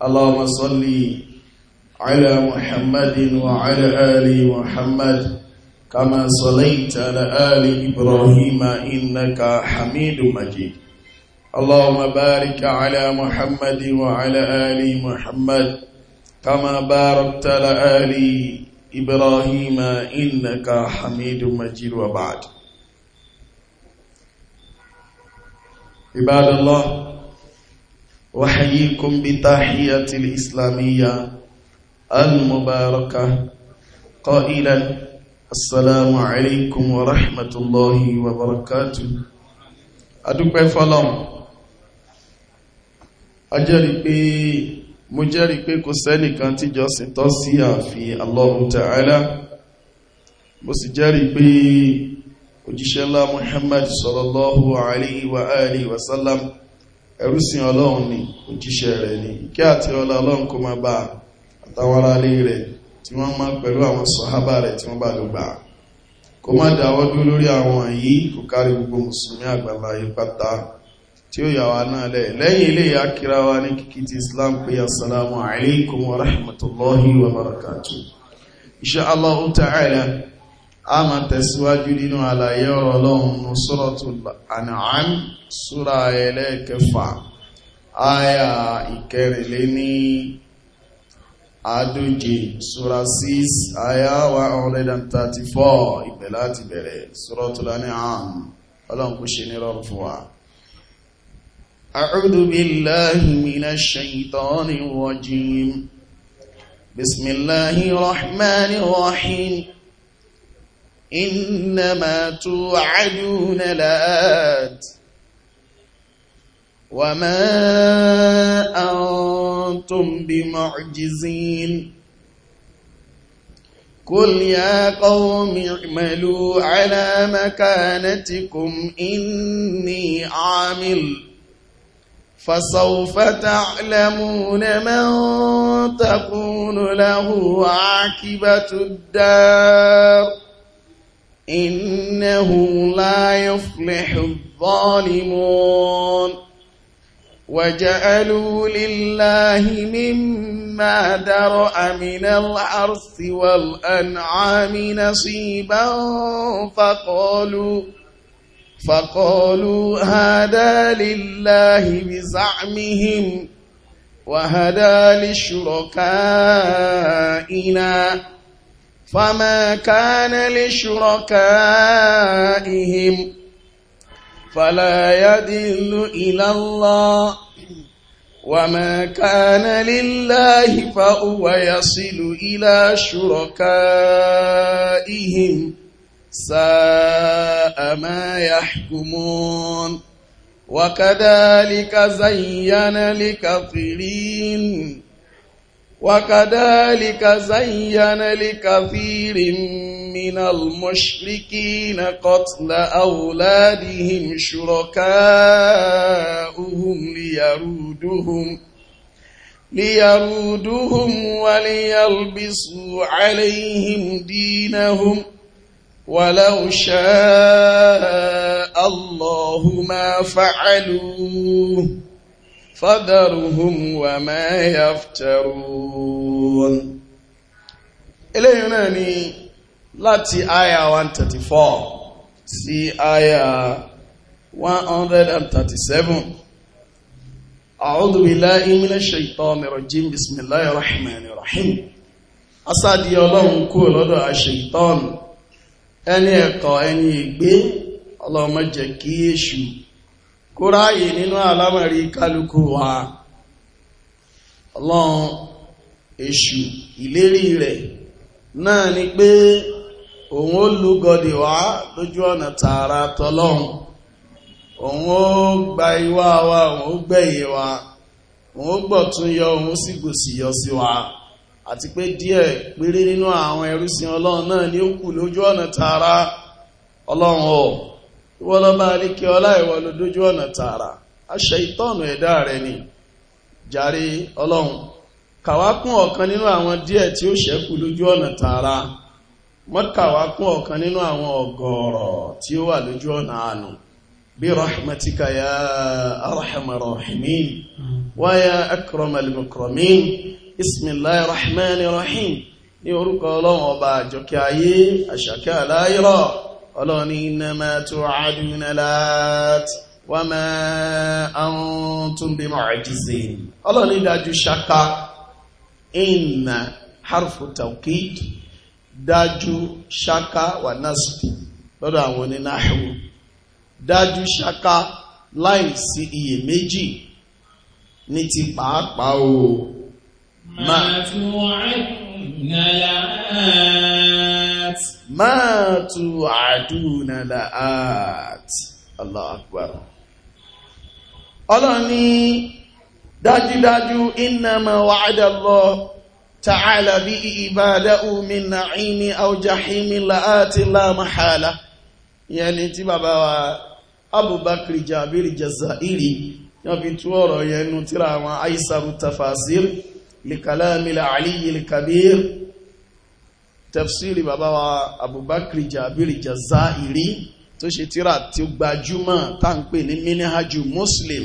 اللهم صل على محمد وعلى آل محمد كما صليت على آل إبراهيم إنك حميد مجيد اللهم بارك على محمد وعلى آل محمد كما باركت على آل إبراهيم إنك حميد مجيد وبعد عباد الله وحييكم بتحية الإسلامية المباركة قائلا السلام عليكم ورحمة الله وبركاته أدوك فلان أجري بي mo jẹ́rìí pé kò sẹ́nì kan tí jọ́sìn tọ́ sí àfi Allahu Ta'ala mo sì jẹ́rìí pé òjíṣẹ́lá Muhammad sallallahu alaihi wa alihi wasallam wa ẹrúsìn ọlọ́run ni òjíṣẹ́ rẹ̀ ni kí àti ọlá ọlọ́run kó máa bá àtàwárá lé rẹ̀ tí wọ́n máa pẹ̀lú àwọn sọ̀hábà rẹ̀ tí wọ́n bá ló gbà kó má dáwọ́dú lórí àwọn yìí kò kárí gbogbo mùsùlùmí àgbàlá yìí pátá tí ó yàwá náà lẹ̀ lẹ́yìn ilé akíra wa ní kìkì ti Islam pé assalamu alaikum wa rahmatullahi wa barakatuh insha ta'ala a ma tẹ̀síwájú nínú àlàyé ọ̀rọ̀ ọlọ́run ní Suratul An'am súra ẹlẹ́ẹ̀kẹfà àyà ìkẹrìnlé ní àádóje súra 6 àyà 134 ìbẹ̀ láti bẹ̀rẹ̀ Suratul An'am ọlọ́run kó ṣe ní rọrùn بسم الله الرحمن الرحيم إنما توعدون لآت وما أنتم بمعجزين قل يا قوم اعملوا على مكانتكم إني عامل فسوف تعلمون من تكون له عاقبة الدار إنه لا يفلح الظالمون وجعلوا لله مما درأ من الحرث والأنعام نصيبا فقالوا فقالوا هذا لله بزعمهم وهذا لشركائنا فما كان لشركائهم فلا يدل إلى الله وما كان لله فهو يصل إلى شركائهم ساء ما يحكمون وكذلك زين لكثيرين وكذلك زين لكثير من المشركين قتل أولادهم شركاؤهم ليرودهم ليرودهم وليلبسوا عليهم دينهم ولو شاء الله ما فعلوه fadharuhum wa ma yaftarun eléyìn náà ni láti aya 134 sí aya 137 a'udhu billahi minash shaitanir rajim bismillahir rahmanir rahim asáàdì ọlọ́run kú lọ́dọ̀ àṣẹ ìtọ́nù ẹni ẹ̀kọ́ ẹni ìgbé ọlọ́run má jẹ́ kí èṣù kó ráyè nínú àlámọ̀rí kálukú wa ọlọ́run èṣù ìlérí rẹ̀ náà ni pé òun ó lúgọdì wá lójú ọ̀nà tààrà tọlọ́run òun ó gba ìwà wa òun ó gbẹ̀yìn wa òun ó gbọ̀tún yọ òun ó sì gbòsì yọ sí wa àti pé díẹ̀ péré nínú àwọn ẹrúsìn ọlọ́run náà ni ó kù lójú ọ̀nà tààrà ọlọ́run ọ̀ ìwọ́n lọ́ba àríkí ọlá ìwọ ló dójú ọ̀nà tààrà aṣẹ ìtọ́nù ẹ̀dá rẹ̀ ni jàre ọlọ́run kàwá kún ọ̀kan nínú àwọn díẹ̀ tí ó ṣẹ́kù lójú ọ̀nà tààrà mọ́kàwá kún ọ̀kan nínú àwọn ọ̀gọ̀ọ̀rọ̀ tí ó wà lójú ọ̀nà àánú bí rahmatika ya arhamar rahimin wa ya akramal ní orúkọ ọlọ́run ọba àjọkẹ́ ayé àṣàkẹ́ àláyírọ̀ ọlọ́ni innama tu'aduna láti wa ma antum bi mu'jizin ọlọ́ni dájú ṣaka inna harfu tawkid dájú ṣaka wà nasb lọ́dọ̀ àwọn onínàhù dájú ṣaka láìsí iyèméjì ní ti pàápàá o máa tún wọ́n لآت ما توعدون لآت Allah akbar. Ọlọ́run ní dájúdájú innama wa'adallahu ta'ala bí ibadahu min na'imi aw jahimi la'ati la mahala. Ìyẹn ni tí bàbá wa Abubakar Jabir Jazairi, yọ́n fi tú ọ̀rọ̀ yẹnu tíra àwọn Aisaru Tafasir. لكلام العلي الكبير tafsiri bàbá wa abubakar jabir jazairi tó ṣe tírà tí ó gbajúmọ̀ tá ń pè ní minihaju muslim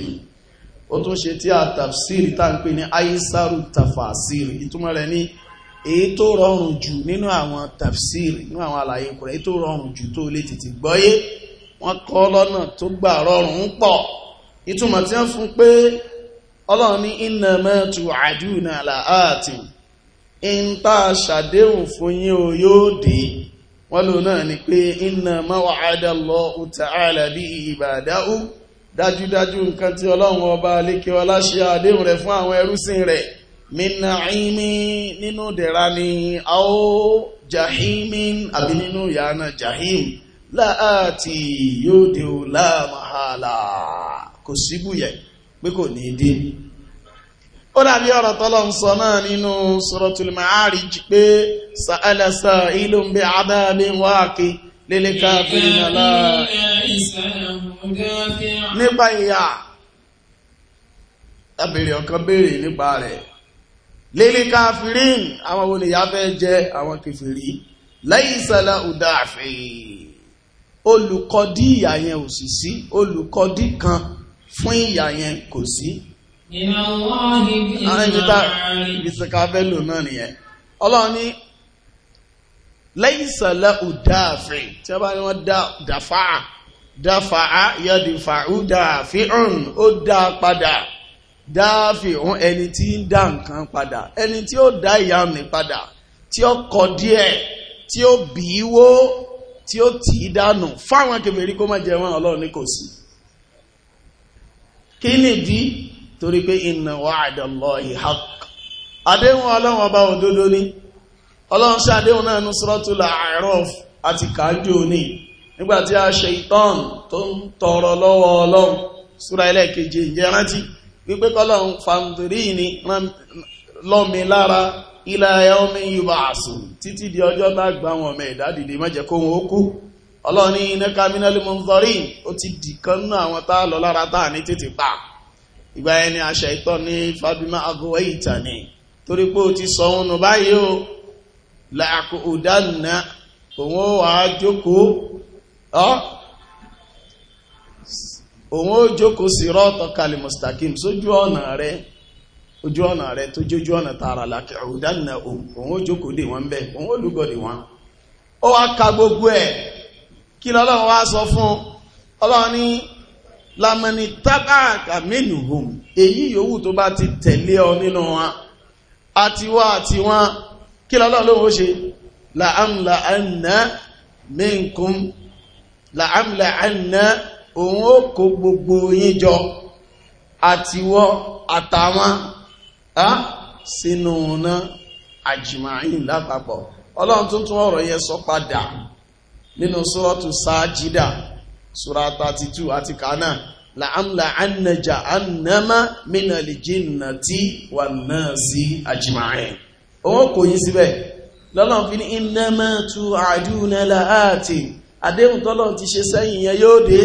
ó tún ṣe tí a tafsiri tá ń pè ní aisaru tafasiri ìtumọ̀ rẹ̀ ní èyí tó rọrùn jù nínú àwọn tafsiri nínú àwọn àlàyé kùrẹ̀ èyí tó rọrùn jù tó lè tètè gbọ́yé wọ́n kọ́ lọ́nà tó gbà rọrùn ń pọ̀ ìtumọ̀ tí wọ́n fún pé ọlọ́run ní iná mẹ́tù àdúnà làátì in tá a ṣàdéhùn fún yín o yóò dé wọ́n lò náà ni pé iná mawa'ada Allahu ta'ala bí ìbàdáú dájúdájú nǹkan tí ọlọ́run ọba alékè ọlá ṣe àdéhùn rẹ̀ fún àwọn ẹrúsìn rẹ̀ mina imi nínú dẹ̀ra ni ao jahimin àbí nínú yàrá jahim láàtì yóò dé o láàmàhàlà kò síbùyẹ̀ pé kò ní dé ó dàbí ọ̀rọ̀ tọ́lọ̀ ń sọ náà nínú Suratul Ma'arij pé sa'ala sa'ilun bi'adabin waqi lil kafirina la nípa ìyà abèrè ọ̀kan béèrè nípa rẹ̀ lil kafirin àwọn wo nìyà fẹ́ jẹ àwọn kèfèrí laysa lahu dafi olùkọ́dí ìyà yẹn òsìsí olùkọ́dí kan fún ìyà yẹn kò sí ìsìnkàfẹ́lò náà nìyẹn ọlọ́run ní lẹ́yìn ìsànlẹ̀ òdáàfẹ́ tí a bá ní wọ́n dáfà dáfà yàdìfà òdáàfẹ́ ọ̀run ó dá padà dáàfì òun ẹni tí ń dá nǹkan padà ẹni tí ó dá ìyá mi padà tí ó kọ díẹ̀ tí ó bì wó tí ó tì í dànù fáwọn kèfèrí kó má jẹ wọn ọlọ́run ní kò sí kí nìdí torí pé inna wa'dallahi haqq àdéhùn ọlọ́run ọba òdodo ni ọlọ́run ṣe àdéhùn náà ní Suratul A'raf àti kàájú ní nígbàtí a ṣe ìtàn tó ń tọrọ lọ́wọ́ ọlọ́run súra ẹlẹ́ẹ̀kejì ìjẹ́ rántí wípé kọ́lọ́run fàǹtìrí ni lọ́mi lára ọlọ́ni iná kaminal munzarin ó ti dìkan náà àwọn tá a lọ lára tá a ní tètè pa ìgbà ẹni àṣà ìtọ́ ní fabima agowe ìtàní torí pé ó ti sọ òun nù báyìí o làkò òdánù òun ó wà jókòó ọ́ òun ó jókòó sí rọ́ọ̀tọ̀ kalẹ̀ mustakim sójú ọ̀nà rẹ̀ ojú ọ̀nà rẹ̀ tó jójú ọ̀nà tààrà làkẹ̀ òdánù òun ó jókòó dè wọ́n bẹ́ẹ̀ òun ó lúgọ̀ dè wọ́n ó wá ka gbogbo ẹ̀ kí lọ́lọ́run wá sọ fún ọlọ́run ní lamani tábàkà minhum èyí yòówù tó bá ti tẹ̀lé ọ nínú wa àtiwá àtiwá kí lọ́lọ́run ló ṣe làámlà àná minkum làámlà àná òun ó kó gbogbo yín jọ àtiwọ́ àtàwọn sínú náà àjìmáyìn lápapọ̀ ọlọ́run tuntun ọ̀rọ̀ yẹn sọ padà nínú sọ́ọ̀tù sáàjídà sura 32 àti kánà la'amla annaja annama minali jinnati wà náà sí àjìmáyìn òun kò yí síbẹ̀ lọ́lọ́n fi ní innama tu àdúnà láàtì àdéhùn tọ́lọ́n ti ṣe sẹ́yìn yẹn yóò dé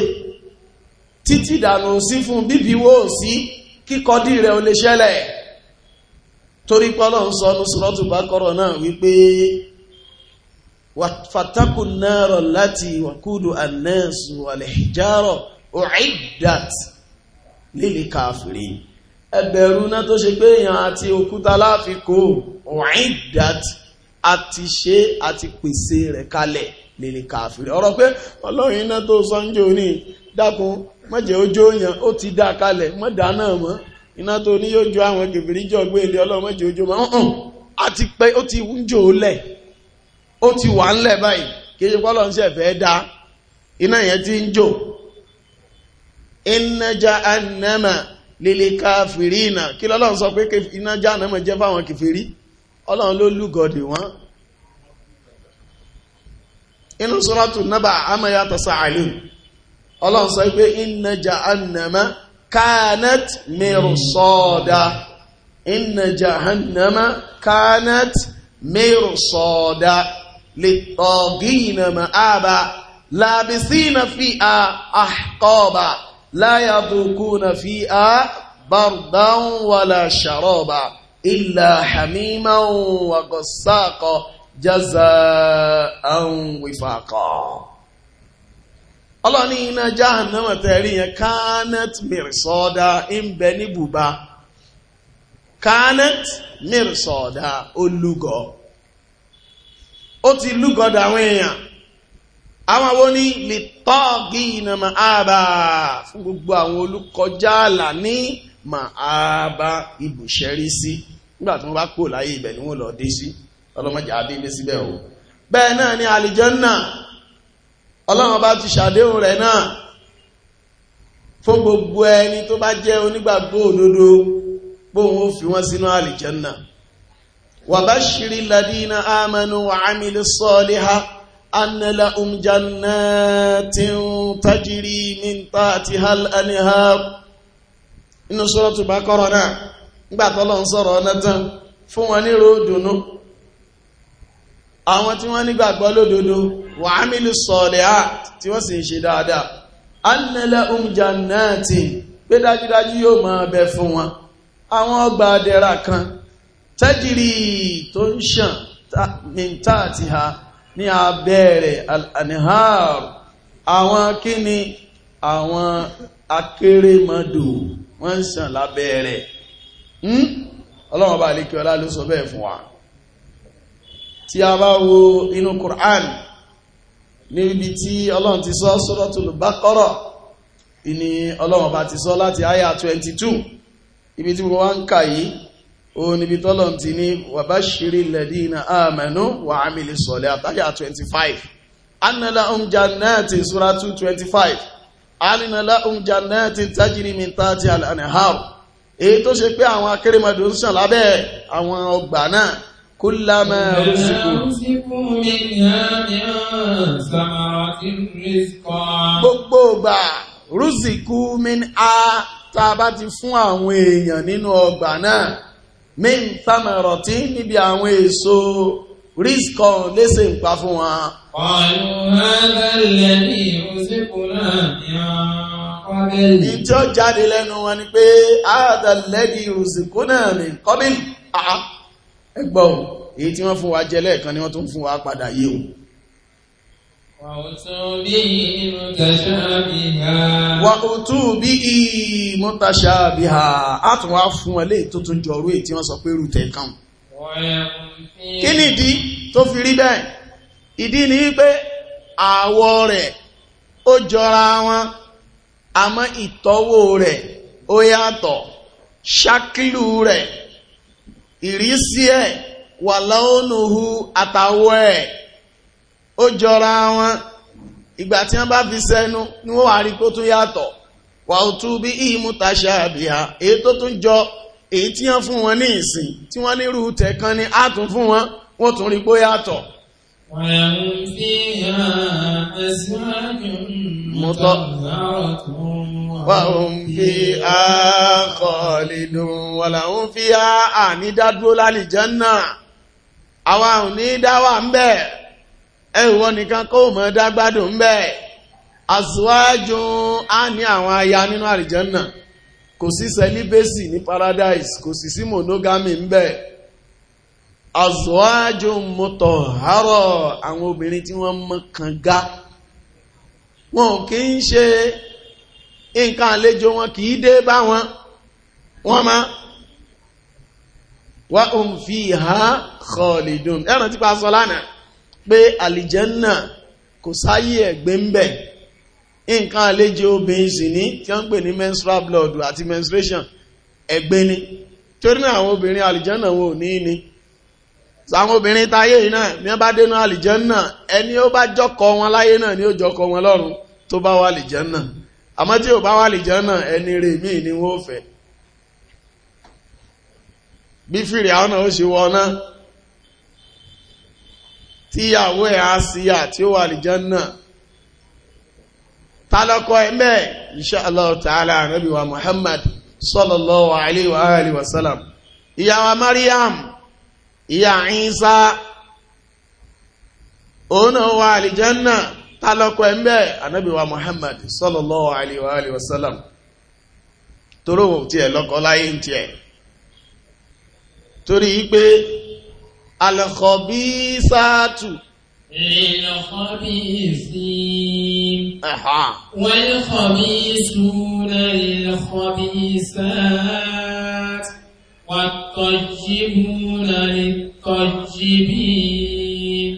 títí dànù sí fún bíbí wó sí kíkọdí rẹ̀ ò ṣẹlẹ̀ torí pọ́lọ́n sọ nù sọ́ọ̀tù bákọ́rọ̀ náà wípé fàtàkù náírà láti wàkúlù anẹ́sù alẹ́hìjárọ̀ ọ̀ẹ́dàt lílì káfìrí ẹbẹ̀rún náà tó ṣe pé èèyàn àti òkúta láfikò ọ̀ẹ́dàt àti ṣe àti pèsè rẹ̀ kalẹ̀ lílì káfìrí ọ̀rọ̀ pé ọlọ́run iná tó sọ́njẹ́ òní dákun mọ́jẹ̀ ojú òyàn ó ti dá kalẹ̀ mọ́dà náà mọ́ iná tó ní yóò jó àwọn gèbèrè jọ gbé ilé ọlọ́run mọ́jẹ̀ ojú mọ́ àti pé ó ti ń jò ó lẹ̀ ó ti wà ńlẹ̀ báyìí kìí pọ́lọ̀ ń sẹ̀fẹ́ dá iná yẹn ti ń jò inájá anẹ́mà lílé káfìrí ìnà kí lọ́lọ́run sọ pé inájá anẹ́mà jẹ́ fáwọn kìfìrí ọlọ́run ló lúgọ̀dì wọ́n inú sọ́rọ̀tù nábà amáyá tasa àlù ọlọ́run sọ pé inájá anẹ́mà kánẹ́t mẹ́rù sọ́ọ̀dá inájá anẹ́mà kánẹ́t mẹ́rù sọ́ọ̀dá للطاغين مآبا لابسين فيها أحقابا لا يذوقون فيها بردا ولا شرابا إلا حميما وغساقا جزاء وفاقا الله iná jahannama tẹ̀rí yẹn kánẹ́t mìrìsọ́dá ń bẹ ní bùbá kánẹ́t mìrìsọ́dá olùgọ́ ó ti lúgọ̀dọ̀ àwọn èèyàn àwọn wo ni lè tọ́ọ̀gì iná màába fún gbogbo àwọn olùkọjá àlà ní màába ibùsẹ̀rí sí nígbà tí wọ́n bá kúrò láyé ibẹ̀ ni wọ́n lọ dé sí ọlọ́mọdé adébé síbẹ̀ o bẹ́ẹ̀ náà ni àlìjọ́nà ọlọ́run bá ti ṣàdéhùn rẹ̀ náà fún gbogbo ẹni tó bá jẹ́ onígbàgbọ́ òdodo bóun ó fi wọ́n sínú àlìjọ́nà وبشر الذين آمنوا وعملوا الصالحات أن لهم جنات تجري من تحتها الأنهار inú sọ́rọ̀tù bá kọ́rọ̀ náà nígbàtọ́ lọ ń sọ̀rọ̀ ọ̀nà tán fún wọn ní ròdùnú àwọn tí wọ́n nígbàgbọ́ lódodo wà á mílù sọ̀rẹ̀ à tí wọ́n sì ń ṣe dáadáa annala umja náà ti pé dájúdájú yóò máa bẹ fún wọn àwọn ọgbà adẹ́ra kan tẹ́jìrì tó ń ṣàn mìntà àti ha ní abẹ́rẹ̀ al-anhar àwọn kíni àwọn akérèmọdò wọ́n ń ṣàn lábẹ́rẹ̀ hmm? ọlọ́run bá lè kí ọlá ló sọ bẹ́ẹ̀ fún wa tí a bá wo inú Qur'an níbi tí ọlọ́run ti sọ Suratul Baqara ìní ọlọ́run bá ti sọ láti àyà 22 ibi tí mo wá ń kà yìí ó níbi tọ́lọ̀ ti ní wàbáṣírí lẹ́dínà àmẹ́nú wà ámìlì sọ̀lẹ̀ àtàyà 25 annala oúnjẹ náà ti súra 225 annala oúnjẹ náà ti tajiri mi ta ti al'anihar èyí tó ṣe pé àwọn akérèmọdò ń sàn lábẹ́ àwọn ọgbà náà kúlámẹ́ rúsìkò gbogbo min a tá a bá ti fún àwọn èèyàn nínú ọgbà náà min tamarati níbi àwọn èso rizkan léṣe ń pa fún wa. ìjọ jáde lẹ́nu wọn ni pé àádọ́lẹ́dì òsìnkú náà ní kọ́bí ẹgbọ́n èyí tí wọ́n fún wa jẹ lẹ́ẹ̀kan ni wọ́n tún fún wa padà yìí o. wa otu bi i mọ́tàṣà bí ha á tún wá fún ẹ léè tó tún kan ni ìdí fi bẹ́ẹ̀ ìdí ni pé awo rẹ̀ o jọra wọn àmọ́ itowo rẹ̀ ó yàtọ̀ shakilu rẹ̀ irisi ẹ̀ wà lọ́wọ́nùhù atawo ẹ̀ ó jọra wọn ìgbà tí wọ́n bá fi sẹ́nu ni wọ́n wà rí kó tún yàtọ̀ wà ó tún bí ìmú taṣà àbíyá èyí tó tún jọ èyí tí wọ́n fún wọn ní ìsìn tí wọ́n nírú tẹ̀kan ni á tún fún wọn wọ́n tún rí pó yàtọ̀. Mọ́tọ́. Wàhùn fi àkọlìdùn wàlàhùn fi ànídádúró lálìjẹ́ náà. Àwa ò ní dáwà ń bẹ́ẹ̀ ẹ̀wọ́ nìkan kó mọ̀ dágbádùn ń bẹ́ẹ̀ àṣíwájú á ní àwọn aya nínú àlìjẹ́nà kò sí celibacy ní paradise kò sì sí monogamy ń bẹ́ẹ̀ àṣíwájú mọ́tọ̀ àárọ̀ àwọn obìnrin tí wọ́n mọ́ kànga wọn ò kí ń ṣe nǹkan àlejò wọn kì í dé bá wọn wọ́n máa wá òun fi ha khalidun ẹ̀rọ tí pa sọ lánàá pé àlìjẹ́nà kò sáyé ẹ̀gbẹ́ ń bẹ̀ nǹkan àlejò obìnrin sì ní tí wọ́n ń pè ní menstrual blood àti menstruation ẹ̀gbẹ́ ni torí náà àwọn obìnrin àlìjẹ́nà wọn ò ní ní sàwọn obìnrin táyé yìí náà ní wọ́n bá dénú àlìjẹ́nà ẹni ó bá jọ́kọ wọn láyé náà ni ó jọ́kọ wọn lọ́run tó bá wà àlìjẹ́nà àmọ́ tí ò bá wà àlìjẹ́nà ẹni rè míì ni wọ́n fẹ́ bí fìrì àwọn náà ó ṣe wọ náà tíyàwó ẹ̀ àsíyà tí ó wà àlìjánà tálọ́kọ́ ẹ̀ mẹ́ insha Allah Muhammad sallallahu alayhi wa alihi wa sallam ìyá wa Maryam ìyá Ìsá òun náà wà àlìjánà tálọ́kọ́ ẹ̀ mẹ́ Muhammad sallallahu alayhi wa alihi wa sallam torí òun tiẹ̀ lọ́kọ́ láyé ń tiẹ̀ torí yí pé alkhabisatu. للخبيثين والخبيثون للخبيثات والطيبون للطيبين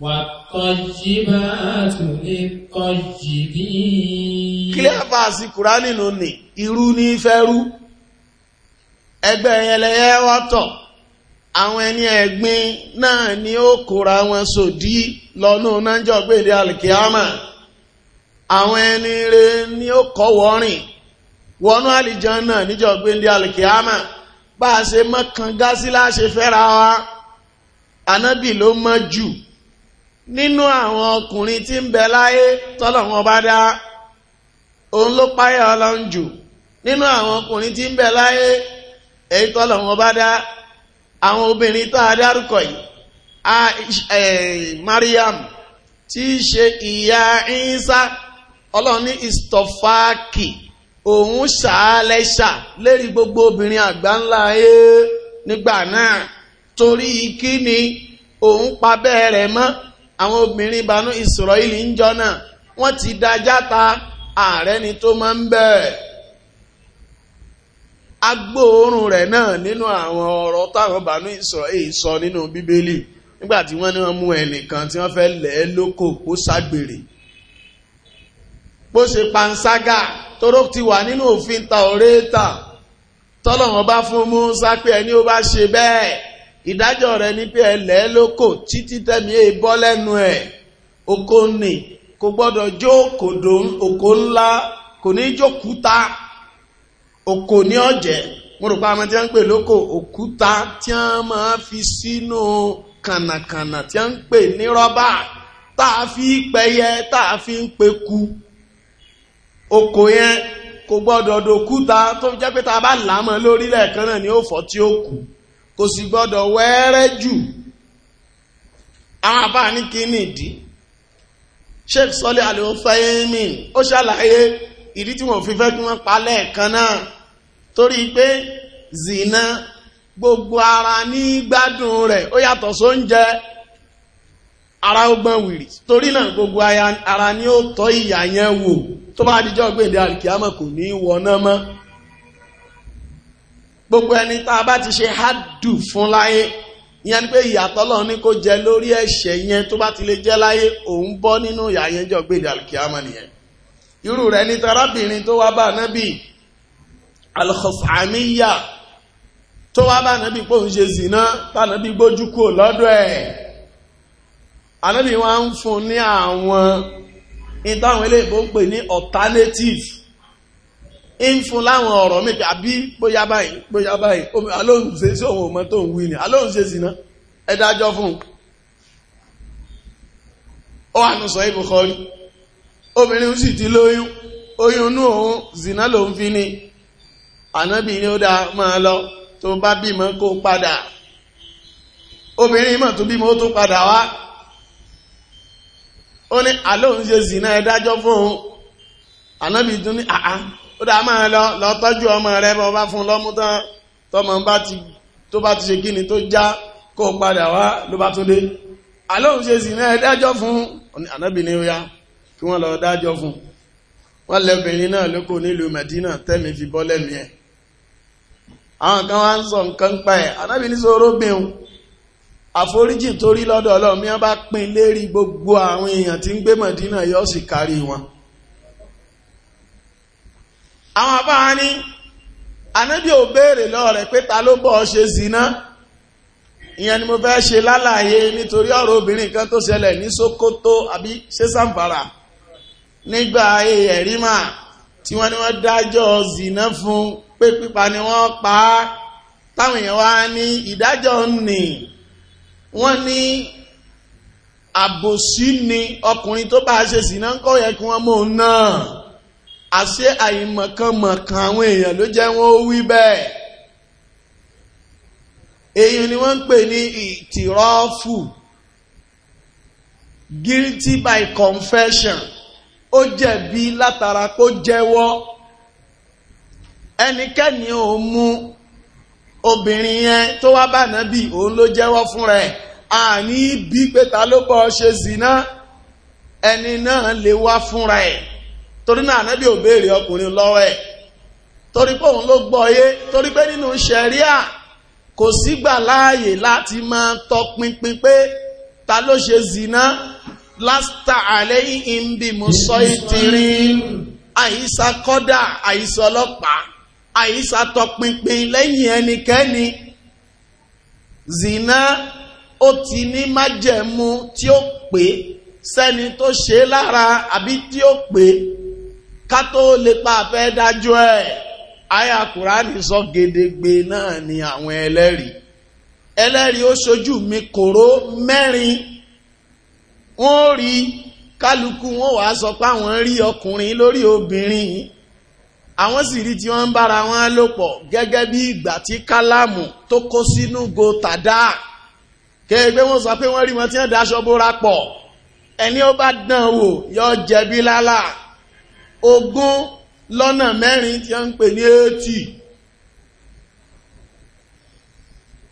والطيبات للطيبين clear verse Kùránì lónìí irú ní fẹ́rú ẹgbẹ́ yẹn lẹ́yẹ wọ́tọ̀ àwọn ẹni ẹ̀gbin náà ni ó kóra wọn sòdí lọ́nà nájọ́ gbèdé alìkíámà àwọn ẹni re ni ó kọ́ wọ́rìn wọnú àlìjánà níjọ́ gbèdé alìkíámà bá a ṣe mọ́kàn gásí láṣẹ fẹ́ra wa ànábì ló mọ́ jù nínú àwọn ọkùnrin tí ń bẹ láyé tọ́lọ́wọ́n bá dá òun ló páyà ọlọ́run jù nínú àwọn ọkùnrin tí ń bẹ láyé èyí tọ́lọ́wọ́n bá dá àwọn obìnrin tá a dárúkọ yìí Mariam tí í ṣe ìyá Ìsá ọlọ́run ní istofaki òun ṣàálẹ́ṣà lérí gbogbo obìnrin àgbáńlá ayé nígbà náà torí kí ni òun pa bẹ́ẹ̀ rẹ̀ mọ́ àwọn obìnrin banú Ísírẹ́lì ń jọ náà wọ́n ti da játa ààrẹ ni tó máa ń bẹ̀ẹ́ agbóòórùn rẹ̀ náà nínú àwọn ọ̀rọ̀ táwọn bànú Ísírẹ́lì sọ nínú bíbélì nígbà tí wọ́n ní wọ́n mú ẹnìkan tí wọ́n fẹ́ lẹ̀ lóko kó ságbèrè bó ṣe panṣágà tóró ti wà nínú òfin ta òrétà tọ́lọ́wọ́n bá fún Mùsá pé ẹni ó bá ṣe bẹ́ẹ̀ ìdájọ́ rẹ̀ ni pé ẹ lẹ̀ lóko títí tẹ̀mí ẹ bọ́ lẹ́nu ẹ̀ oko nì kò gbọ́dọ̀ jó kòdó oko ńlá kò ní jókúta oko ni o mo rò pé àwọn tí pe ń pè lóko òkúta tí máa fi sínú kànàkànà tí a ń pè ní roba tá a fi pẹyẹ tá a fi ń ku oko yẹn kò gbọ́dọ̀ dòkúta tó jẹ́ pé tá a bá làámọ́ lórí na ni ó ti tí ó kù kò sì were ju jù àwọn àbá ní kí ìdí Sheikh Sọ́lé ó ṣàlàyé ìdí tí fi fẹ́ kí wọ́n pa lẹ́ẹ̀kan torí pé zina gbogbo ara ní gbádùn rẹ̀ ó yàtọ̀ sóúnjẹ ara ó gbọ́n wìrì torí náà gbogbo ara ní ó tọ́ ìyà yẹn wò tó bá dijọ́ gbèdé àríkìámọ̀ kò ní wọná mọ́ gbogbo ẹni tá a bá ti ṣe hádù fún láyé ìyẹn ni pé ìyàtọ̀ lọ́ọ̀ ní kó jẹ lórí ẹ̀ṣẹ̀ yẹn tó bá ti lè jẹ́ láyé òun bọ́ nínú ìyà yẹn jọ gbèdé àríkìámọ̀ nìyẹn irú rẹ̀ ní tarábìnrin tó wá bá nábì alkhasamiya tó wá bá nàbí pò ń ṣe zìnà tànàbí gbójú kúrò lọ́dọ̀ ẹ̀ anábì wá ń fún ní àwọn ìtàwọn eléèbó ń pè ní alternative ń fún láwọn ọ̀rọ̀ méjì àbí bóyá báyìí bóyá báyìí alóhùn ṣe sí òun ọmọ tó ń wí ni alóhùn ṣe zìnà ẹ dájọ́ fún un ó wà ní sọ ibùkọ́rí obìnrin sì ti lóyún oyún inú òun zìnà ló ń fi ni ànábì ni ó dáa máa lọ tó bá bímọ kó padà obìnrin mọ̀ tó bímọ ó tó padà wá ó ní àlóhùn ṣe zìnà ẹ dájọ́ fún un ànábì tún ní àá ó dáa máa lọ lọ tọ́jú ọmọ rẹ bọ́ bá fún lọ́mú tán tọmọ tó bá ti ṣe kíni tó já kó padà wá ló bá tún dé àlóhùn ṣe zìnà ẹ dájọ́ fún un ànábì ni ó yá kí wọ́n lọ dájọ́ fún un wọ́n lẹ́bìnrin náà lókò nílùú Mẹ̀dínà tẹ́mi fi bọ́ lẹ́mìí ẹ̀ àwọn kan wá ń sọ nǹkan pa ẹ̀ anábì ní sọ́rọ́ bíun àforíjì tó rí lọ́dọ̀ ọlọ́run mi bá pín lérí gbogbo àwọn èèyàn tí ń gbé mọ̀dínà yóò sì kárí wọn àwọn àbáwọn ní anábì ò béèrè lọ́wọ́ rẹ̀ pé ta ló bọ́ ọ ṣe zina ìyẹn ni mo fẹ́ ṣe lálàyé nítorí ọ̀rọ̀ obìnrin kan tó ṣẹlẹ̀ ní Sókótó àbí ṣé Sàmfàrà nígbà ayé ẹ̀rí mà tí wọ́n ní wọ́n dájọ́ zina fún pé pípa ni wọ́n pa á táwọn èèyàn wá ní ìdájọ́ nì wọ́n ní àbòsí ni ọkùnrin tó bá ṣe sì náà ń kọ́ yẹ kí wọ́n mú un náà àṣé àìmọ̀kànmọ̀kàn àwọn èèyàn ló jẹ́ wọ́n ó wí bẹ́ẹ̀ èyí ni wọ́n ń pè ní ìtìrọ́fù guilty by confession ó jẹ̀bi látara kó jẹ́wọ́ ẹnikẹ́ni ò mú obìnrin yẹn tó wá bá nábì òun ló jẹ́wọ́ fúnra ẹ̀ àní bí pé ló bọ́ ṣe zina ẹni náà lè wá fúnra ẹ̀ torí náà nábì ò béèrè ọkùnrin lọ́wọ́ ẹ̀ torí pé òun ló gbọ́ yé torí pé nínú ṣẹ̀ríà kò sígbà láàyè láti máa tọpinpin pé ta ló ṣe zina lásìtà àlẹ́ yìí ń bí mo sọ ìtìrín àìsà kọ́dà àìsà ọlọ́pàá àìsàtọ̀pinpin lẹ́yìn ẹnikẹ́ni zina ó ti ní májẹ̀mú tí ó pé sẹ́ni tó ṣe lára àbí tí ó pé ká tó lè pa àfẹ́ dájọ́ ẹ̀ àyà kùránì sọ gedegbe náà ni àwọn ẹlẹ́rìí ẹlẹ́rìí ó ṣojú mi kòró mẹ́rin wọ́n rí kálukú wọn wàá sọ pé àwọn rí ọkùnrin lórí obìnrin àwọn sì rí tí wọ́n ń bára wọn lò pọ̀ gẹ́gẹ́ bí ìgbà tí kálámù tó kó sínú go tàdá kéègbé wọ́n sọ pé wọ́n rí wọn tí wọ́n daṣọ bóra pọ̀ ẹni ó bá dán wò yọ jẹ̀bi lálà ogún lọ́nà mẹ́rin tí wọ́n ń pè ní eighty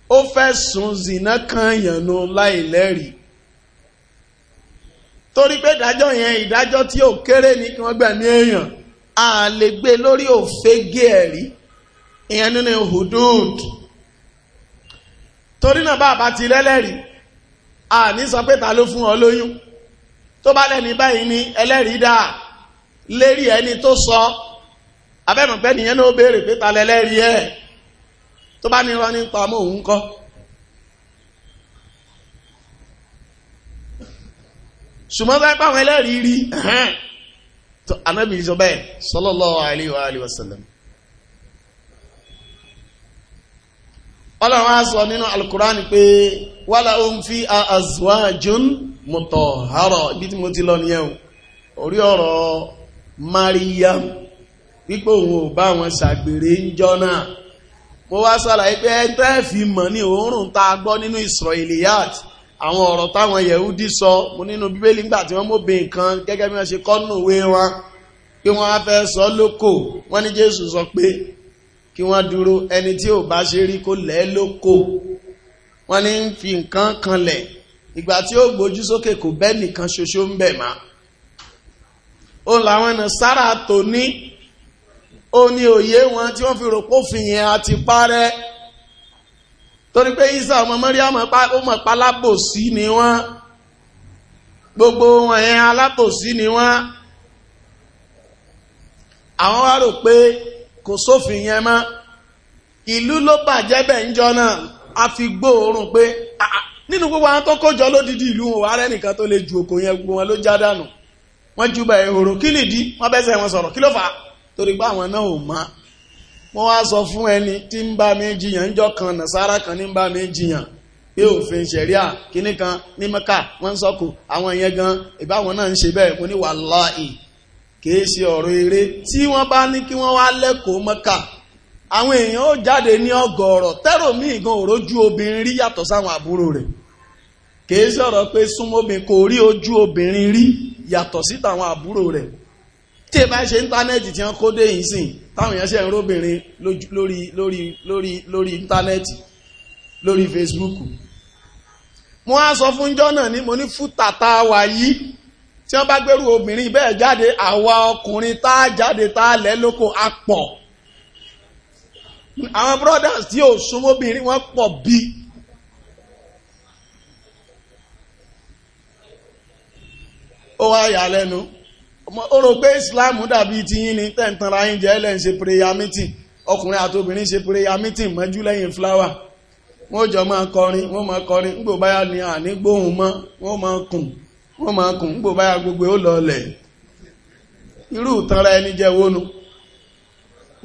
ó fẹ́ sùn zìnà kan yànnú láìlẹ́rìí torí pé ìdájọ́ yẹn ìdájọ́ tí ò kéré ní kí wọ́n gbẹ̀mí èèyàn a lè gbé lórí òfegè ẹ̀rí ìyẹn nínú hudud torí náà bá àbá ti rẹ́lẹ́rìí a ní sọ pé ta ló fún ọ lóyún tó bá lẹ́ni báyìí ní ẹlẹ́rìí dáa lérí ẹni tó sọ abẹ́mọ̀pẹ́ nìyẹn náà ó béèrè pé ta lẹ́lẹ́rìí ẹ̀ tó bá ní irọ́ ní pamọ́ òun kọ́ ṣùgbọ́n fẹ́ pàwọn ẹlẹ́rìí rí tó anábì sọ bẹ́ẹ̀ sallallahu alaihi wa alihi wasallam ọlọ́run á sọ nínú alukurani pé wàlá òun fi azwajun mutahhara ibi tí mo ti lọ nìyẹn orí ọ̀rọ̀ Maryam wípé òun ò bá wọn ṣàgbèrè ń jọ náà mo wá sàlàyé pé ẹ mọ̀ ní òórùn tá gbọ́ nínú Israiliyat àwọn ọ̀rọ̀ táwọn yẹ̀húdí sọ mo nínú bíbélì ńgbà tí wọ́n mọ́bìn nǹkan gẹ́gẹ́ bí wọ́n ṣe kọ́nù ìwé wọn pé wọ́n á fẹ́ sọ lókò wọ́n ní Jésù sọ pé kí wọ́n dúró ẹni tí ò bá ṣe rí kó lẹ́ lókò wọ́n ní ń fi nǹkan kanlẹ̀ ìgbà tí ó gbójú sókè kò bẹ́ nìkan ṣoṣo ń bẹ̀ má ó làwọn ẹ̀nà sára tòní ó ní òye wọn tí wọ́n fi rò pófin yẹn àti parẹ́ torí pé isa ọmọ mọ́ríàmọ́ ó mọ̀ pálábòsí ni wọ́n gbogbo wọn yẹn alábòsí ni wọ́n àwọn wá rò pé kò sófin yẹn mọ́ ìlú ló bàjẹ́ bẹ̀ ń jọ náà a fi gbóòórùn pé nínú gbogbo àwọn tó kójọ lódìdí ìlú wọn wàá rẹ́nìkan tó lè ju okò yẹn gbogbo wọn ló já dànù wọ́n júbà ehoro kí nìdí wọ́n bẹ́sẹ̀ wọn sọ̀rọ̀ kí ló fà á torí pé àwọn náà ò mọ̀ wọ́n wá sọ fún ẹni tí ń bá mi jiyàn ńjọ́ kan nàṣàrà kan ní ń bá mi jiyàn pé òfin ṣẹ̀ríà kínní kan ní mẹ́kà wọ́n ń sọ́kù àwọn ìyẹn gan ìbáwọn náà ń ṣe bẹ́ẹ̀ mo ní wàláì kìí ṣe ọ̀rọ̀ eré tí wọ́n bá ní kí wọ́n wá lẹ́kọ̀ọ́ mẹ́kà àwọn èèyàn ó jáde ní ọgọ́rọ̀ tẹ́rọ míì gan òrójú obìnrin rí yàtọ̀ sáwọn àbúrò rẹ̀ kìí ṣe íńtánẹ́ẹ̀tì tí wọ́n táwọn èèyàn ṣe ń róbìnrin lórí lórí lórí lórí íńtánẹ́ẹ̀tì lórí Facebook mo á sọ fún jọ́ náà ni mo ní fúta tá a wà yìí tí wọ́n bá gbẹ́rù obìnrin bẹ́ẹ̀ jáde àwa ọkùnrin tá a jáde tá a lẹ́ lóko a pọ̀ àwọn brothers tí ò súnmọ́bìnrin wọ́n pọ̀ bíi ó wá yà lẹ́nu ó rò pé islam dàbí ti yín ní tẹ́ǹtanra yín jẹ́ lẹ́yìn ṣe prayer meeting ọkùnrin àtobìnrin ṣe prayer meeting mọ́jú lẹ́yìn flower wọ́n jọ máa kọrin wọ́n máa kọrin ńgbò báyà ní ànígbóhùn mọ́ wọ́n máa kùn wọ́n máa kùn ńgbò báyà gbogbo ó lọlẹ̀ irú ìtanra ẹni jẹ́ wónú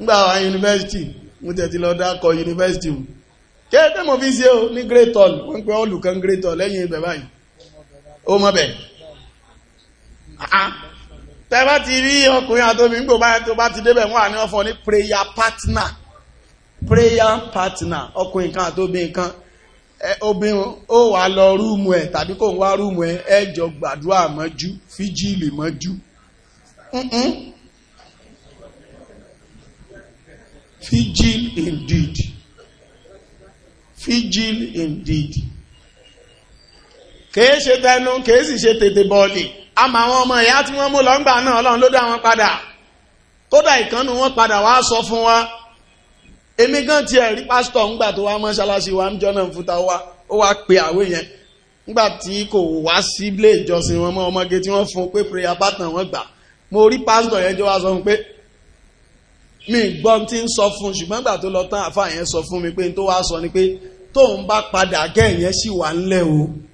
ńgbà wá yunifásitì mo tẹ̀ ti lọ dákọ̀ yunifásitì mu kéèké mo fi ṣe o ní great hall wọ́n pe olùkan great hall lẹ́yìn ibẹ̀ báyìí ó mọ̀ bẹ́ẹ̀ tẹ́ ti rí ọkùnrin àtòmí ń gbòbá tó ti débẹ̀ wọ́n à ní ní prayer partner prayer partner ọkùnrin kan àtòmí kan obìnrin ó wà lọ rúùmù ẹ̀ tàbí kò ń wá rúùmù ẹ̀ ẹ jọ gbàdúrà mọ́jú fíjìlì mọ́jú indeed indeed àmà àwọn ọmọ ìyá tí wọ́n mú lọ́ngbà náà ọlọ́run ló dá wọn padà kódà ìkànnù wọn padà wá sọ fún wa èmi gan tiẹ̀ rí pásítọ̀ ńgbà tó wá mọ́ṣáláṣí wa ń jọ́nà fúta wa ó wá pe àwé yẹn ńgbà tí kò wá sí ilé ìjọsìn wọn mọ́ ọmọge tí wọ́n fún pé prayer partner wọn gbà mo rí pásítọ̀ yẹn jọ wá sọ fún pé mi gbọ́ tí ń sọ fún ṣùgbọ́n ńgbà tó lọ tán àfa yẹn sọ fún mi pé n tó wá sọ ni pé tóun bá padà gẹ́yìn yẹn sì wà ńlẹ̀ o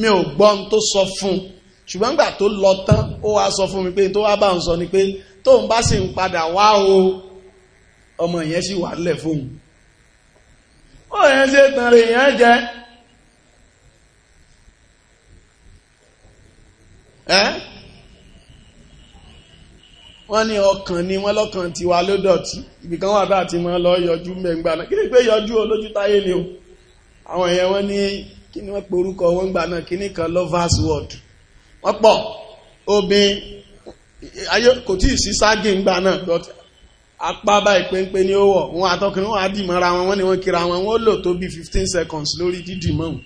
mi ò gbọ́n tó sọ fún ṣùgbọ́n nígbà tó lọ tán ó wá sọ fún mi pé tó wá bá ń sọ ni pé tóun bá sì ń padà wá o ọmọ yẹn sì wà nílẹ̀ fóun ó yẹn ṣe tàn rè yẹn jẹ ẹ́ wọ́n ní ọkàn ni wọ́n lọ́kàn ti wà lódọ̀tí ibìkan wà bá ti mọ́ lọ yọjú mẹ́gbà náà kí ni pé yọjú olójútáyé ni o àwọn èèyàn wọ́n ní kí ni wọ́n pe orúkọ wọn gbà náà kí ní kan lovers word wọ́n pọ̀ obìn ayé kò tí ì sí ságì ń náà but apá báyìí péńpé ní ó wọ̀ wọn àtọkùnrin wọn á dì wọn wọ́n ní wọ́n kíra wọn lò tó bí fifteen seconds lórí dídì mọ́hùn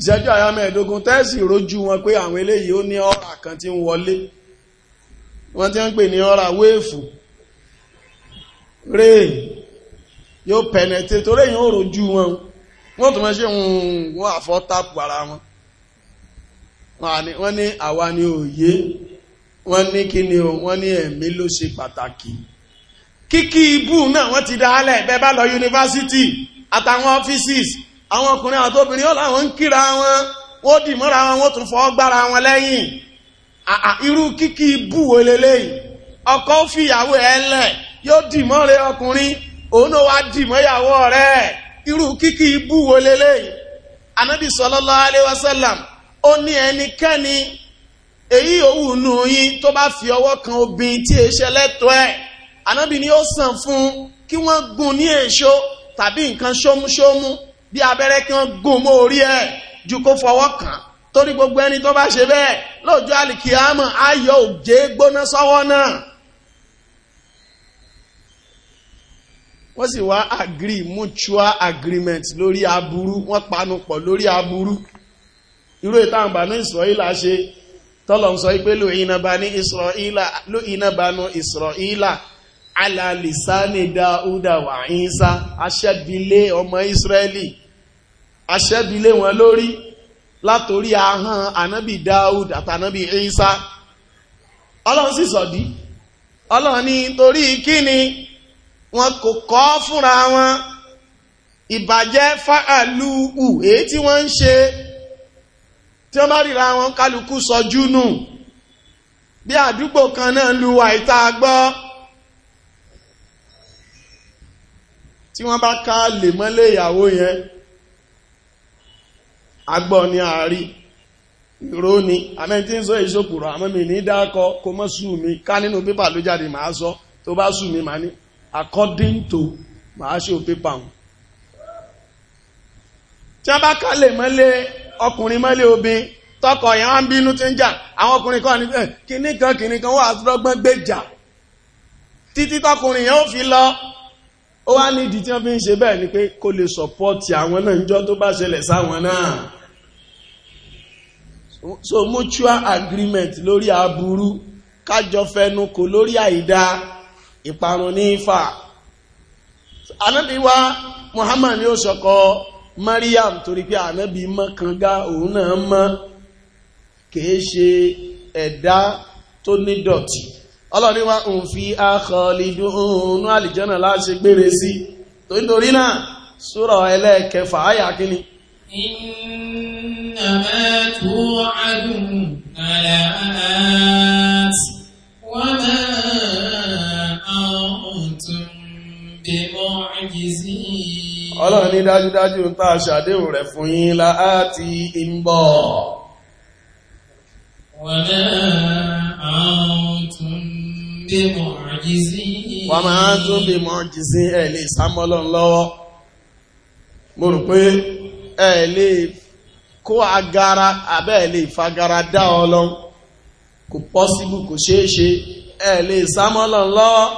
ìṣẹ́jú àyà mẹ́ẹ̀ẹ́dógún tẹ́sì rojú wọn pé àwọn eléyìí ó ní ọ̀rà kan tí ń wọlé wọ́n ti ń pè ní ọ̀rà wéèfù rain yóò penetrate torí èyí ó rojú wọn wọ́n tún máa ṣe wọ́n àfọ́ tápù ara wọn wọ́n ní àwa ni òye wọ́n ní kí ni wọ́n ní ẹ̀mí ló ṣe pàtàkì kíkí ibú náà wọ́n ti dáálẹ̀ bẹ́ẹ̀ bá lọ yunifásitì àtàwọn ọ́fíìsìs àwọn ọkùnrin àtòbìnrin ó láwọn ń kíra wọn wọ́n dì mọ́ra wọn wọ́n tún fọ́ gbára wọn lẹ́yìn irú kíkí ibú eléyìí ọkọ fìyàwó ẹ̀ lẹ̀ yóò dì mọ́re ọkùnrin òun náà wá dì mọ́yàwó rẹ̀ irú kíkí ibú wo leléyìí anábì sallallahu alaihi wasallam ó ní ẹnikẹ́ni èyí òwú nù yín tó bá fi ọwọ́ kan obìnrin tí èṣe lẹ́tọ̀ọ́ ẹ̀ anábì ni ó sàn fún kí wọ́n gún ní èso tàbí nǹkan ṣómúṣómú bí abẹ́rẹ́ kí wọ́n gún mọ́ orí ẹ̀ ju kó fọwọ́ kàn torí gbogbo ẹni tó bá ṣe bẹ́ẹ̀ lọ́jọ́ àlìkìyàmọ̀ ayọ̀ òjé gbóná sọ́wọ́ náà wọ́n sì wá agree mutual agreement lórí aburú wọ́n panupọ̀ lórí aburú irú ìtàǹbà ní ìsọ̀ílà ṣe tọ́lọ̀n sọ pé ló ìnàbánu ìsọ̀ílà alàlìsáni dáúdà wà ìsá aṣẹ́bílé ọmọ ìsírẹ́lì aṣẹ́bílé wọn lórí látorí ahán anábì dáúd àtànábì ìsá ọlọ́run sì sọ̀dí ọlọ́run ni torí kíni wọn kò kọ́ fúnra wọn ìbàjẹ́ fáàlúù èyí tí wọ́n ń ṣe tí wọ́n bá ríra wọn kálukú sọjú nù bí àdúgbò kan náà lu àìta gbọ́ tí wọ́n bá ká lèmọ́lé ìyàwó yẹn agbọ́ ni àárí ìró ni àmẹ́ni ń sọ ìṣòkùrọ̀ àmọ́ mi ní dákọ kó mọ́ sùn mi ká nínú pépà ló jáde màá sọ tó bá sùn mi màá ní according to màá ṣe òpépà wọn. tí wọ́n bá kálẹ̀ mọ́lé ọkùnrin mọ́lé obìnrin tọkọ yẹn wọ́n ń bínú tí ń jà àwọn ọkùnrin kan ní eh, kíní kan kíní kan wọ́n àtúrọ́gbọ́n gbèjà títí tọkùnrin yẹn ó fi lọ ó wá ní ìdí tí wọ́n fi ń ṣe bẹ́ẹ̀ ni pé kó lè sọ̀pọ́ọ̀tì àwọn náà níjọ́ tó bá ṣẹlẹ̀ sáwọn náà so mutual agreement lórí aburú kájọ fẹnu kò lórí àìdáa ìparun ní ifá anábì wa Muhammad ni ó sọkọ Maryam torí pé anábì mọ́ kanga òun náà mọ́ kìí ṣe ẹ̀dá tó ní dọ̀tí ọlọ́ni wa ń fi akhalidun àlìjọ́nà láti gbére sí torítorí náà súrọ̀ ẹlẹ́ẹ̀kẹfà àyà kíni. Innama tu'adun la'at wa ma ọlọ́run ní dájúdájú ń tàà ṣàdéhùn rẹ̀ fún yín láti ìmbọ̀ wọ́n máa tún bí mọ̀jísí ẹ̀ lè sámọ́lọ́n lọ́wọ́ mo rò pé ẹ̀lẹ́ kó agara àbẹ́ ẹ̀ lè fagara dá ọlọ́run kò pọ́síbù kò ṣeéṣe ẹ̀ lè sámọ́lọ́n lọ́wọ́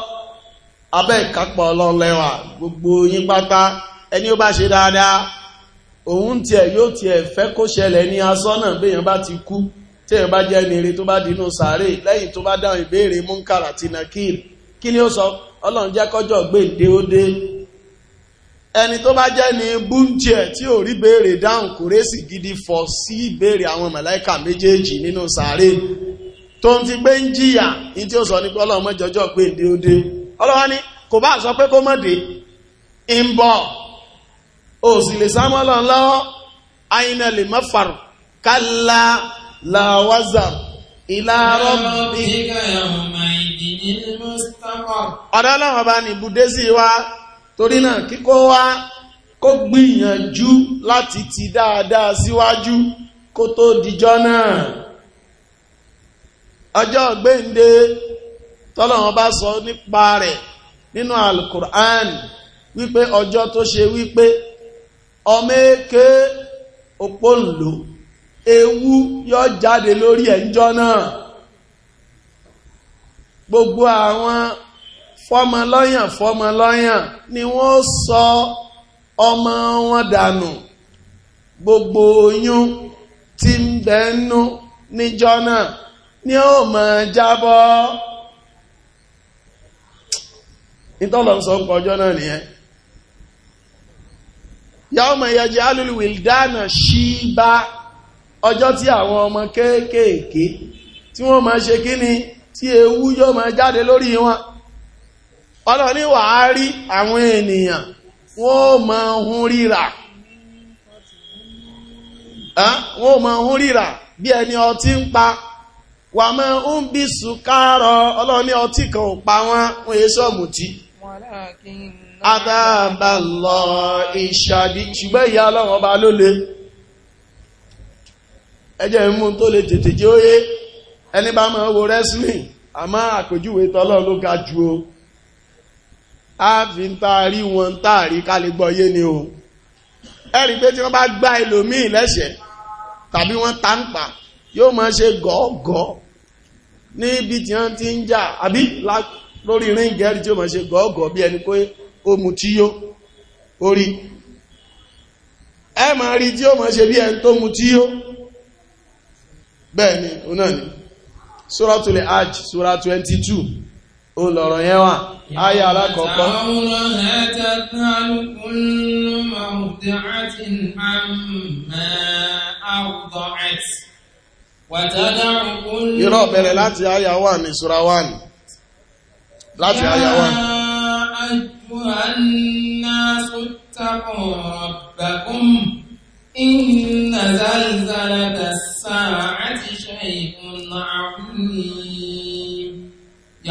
abẹ́ ìkápọ̀ ọlọ́run lẹ́wà gbogbo yín pátá ẹni ó bá ṣe dáadáa òun tiẹ̀ yóò tiẹ̀ fẹ́ kó ṣẹlẹ̀ ní asọ́nà béèyàn bá ti kú téèyàn bá jẹ́ ní eré tó bá dínú sàárè lẹ́yìn tó bá dáhùn ìbéèrè múnkàrà àti nàkíl kí ni ó sọ ọlọ́run jẹ́ kọjọ́ gbèǹde ó ẹni tó bá jẹ́ ní búńjẹ tí ò rí béèrè dáhùn kò résì gidi fọ̀ sí ìbéèrè àwọn màláíkà méjèèjì nínú sàárè tó ń ti gbé ń jìyà ní tí ó sọ ní pé ọlọ́run mọ́jọ́jọ́ gbèǹde ó ọlọ́wọ́ ní kò bá sọ pé kó má dé ń bọ̀ ó sì lè sámọ́ lọ́n lọ́wọ́ àyínà lè mọ́ fàrù kálá làwázà ìlàrọ̀ ọ̀dọ́ ọlọ́run ọba ní ibùdé sí wa torí náà kíkó wa kó gbìyànjú láti ti dáadáa síwájú kó tó dijọ́ náà ọjọ́ gbéǹde tọ́lọ́wọ́n bá sọ nípa rẹ̀ nínú alukur'an wípé ọjọ́ tó ṣe wípé ọmọ èké òpónlò ewu yọ jáde lórí ẹ̀ńjọ́ náà gbogbo àwọn fọmọlọ́yàn fọmọlọ́yàn ni wọ́n sọ ọmọ wọn dànù gbogbo oyún tí ń bẹ́ẹ̀nú níjọ́ náà ni ó máa jábọ́ nítọ́lọ̀ ń sọ náà nìyẹn yawma yaj'alul wildana shiba ọjọ tí àwọn ọmọ kéékèèké tí wọn máa ṣe kí tí ewu yóò máa jáde lórí wọn ọlọ wà àwọn ènìyàn wọ́n máa hún ríra wọ́n máa hún ríra bí ẹni ọtí ń pa ń bí sùkárọ̀ ọlọ́ni ọtí kan ò pa àdáàbà lọ ìṣàdí ṣùgbọ́n ìyá ọlọ́run ọba ló le ẹjẹ́ mú tó lè tètè jẹ́ óyé ẹni bá máa wo wrestling àmọ́ àpèjúwe tọ́lọ́ ló ga jù o a fi ń taari wọn taari ká lè gbọ́ yé ni o ẹ̀rí pé tí wọ́n bá gbá ẹlòmíì lẹ́sẹ̀ tàbí wọ́n ta ń pa yóò máa ṣe gọ́ọ̀gọ́ níbi tí wọ́n ti ń jà àbí láti lórí rí ìgẹ́rí tí ó máa ṣe gọ́ọ̀gọ́ bí ẹni pé ó mu tí yó orí ẹ máa rí tí ó máa ṣe bí ẹni tó mu tí yó bẹ́ẹ̀ ni ó náà ni 22 ó lọ̀rọ̀ yẹn wà áyà alákọ̀ọ́kọ́ irọ́ bẹ̀rẹ̀ láti áyà 1 ní sura 1 láti àyà wa.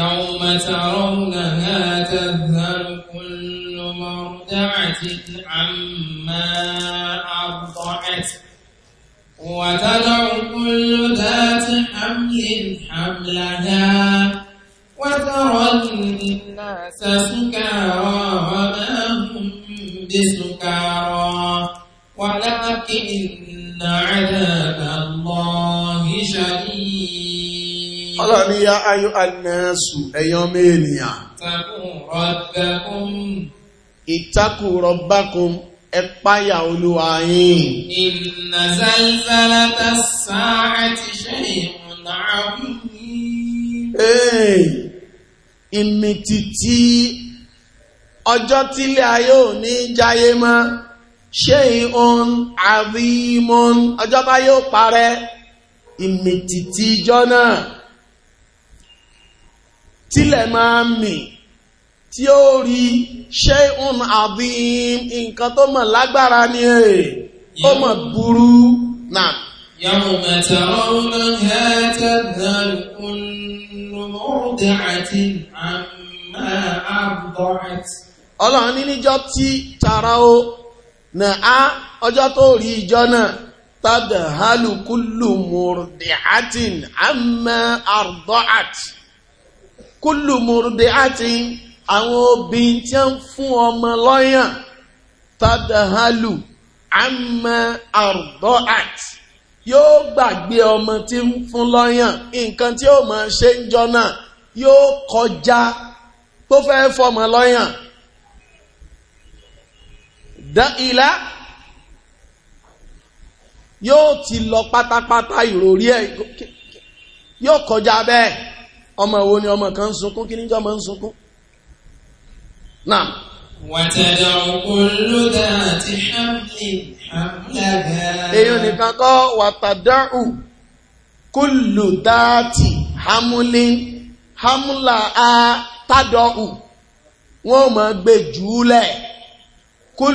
يوم ترونها تذهل كل مرضعة عما أرضعت وتدع كل ذات حمل حملها وترى الناس سكارى وما هم بسكارى ولكن عذاب الله شديد Ọlọ́run ni yá ayọ́ anẹ́sù ẹ̀yàn mẹ́rìnìyàn. Ìtakù rọ̀bákun ẹ páyà olúwa yín. Inna zalzalata as-sa'ati shay'un 'azim ìmìtìtì ọjọ́ tílé ayé ò ní jáyé mọ́ ṣé ìhun àrímọ́n ọjọ́ bá yóò parẹ́ ìmìtìtì ijọ́ náà tílẹ̀ máa ń mì tí ó rí ṣé ìhun àrím nǹkan tó mọ̀ lágbára ni ó mọ̀ burú náà. يوم ترونها تذهل كل مرضعة ọlọ́run ní níjọ́ tí tara ó nà á ọjọ́ tó rí ìjọ náà tàdà hálùkúlù mùrùdíàtìn àmà àrùdọ́àt kúlù mùrùdíàtìn àwọn obìnrin tí ń fún ọmọ lọ́yàn tàdà hálù àmà àrùdọ́àt yóò gbàgbé ọmọ tí ń fún lọ́yàn nǹkan tí ó máa ṣe ń jọ náà yóò kọjá tó fẹ́ fọmọ lọ́yàn dáìlá yóò ti lọ pátápátá ìròrí ẹ̀ yóò kọjá bẹ́ẹ̀ ọmọ wo ni ọmọ kan ń sunkún kí ni jọmọ ń sunkún náà. wàtàdà òkúlù dàtí hamli hamlaga. èèyàn nìkan kọ́ wàtàdà òkúlù dàtí hamli hamlaga tádọ̀ù wọ́n mọ̀ gbé jùúlẹ̀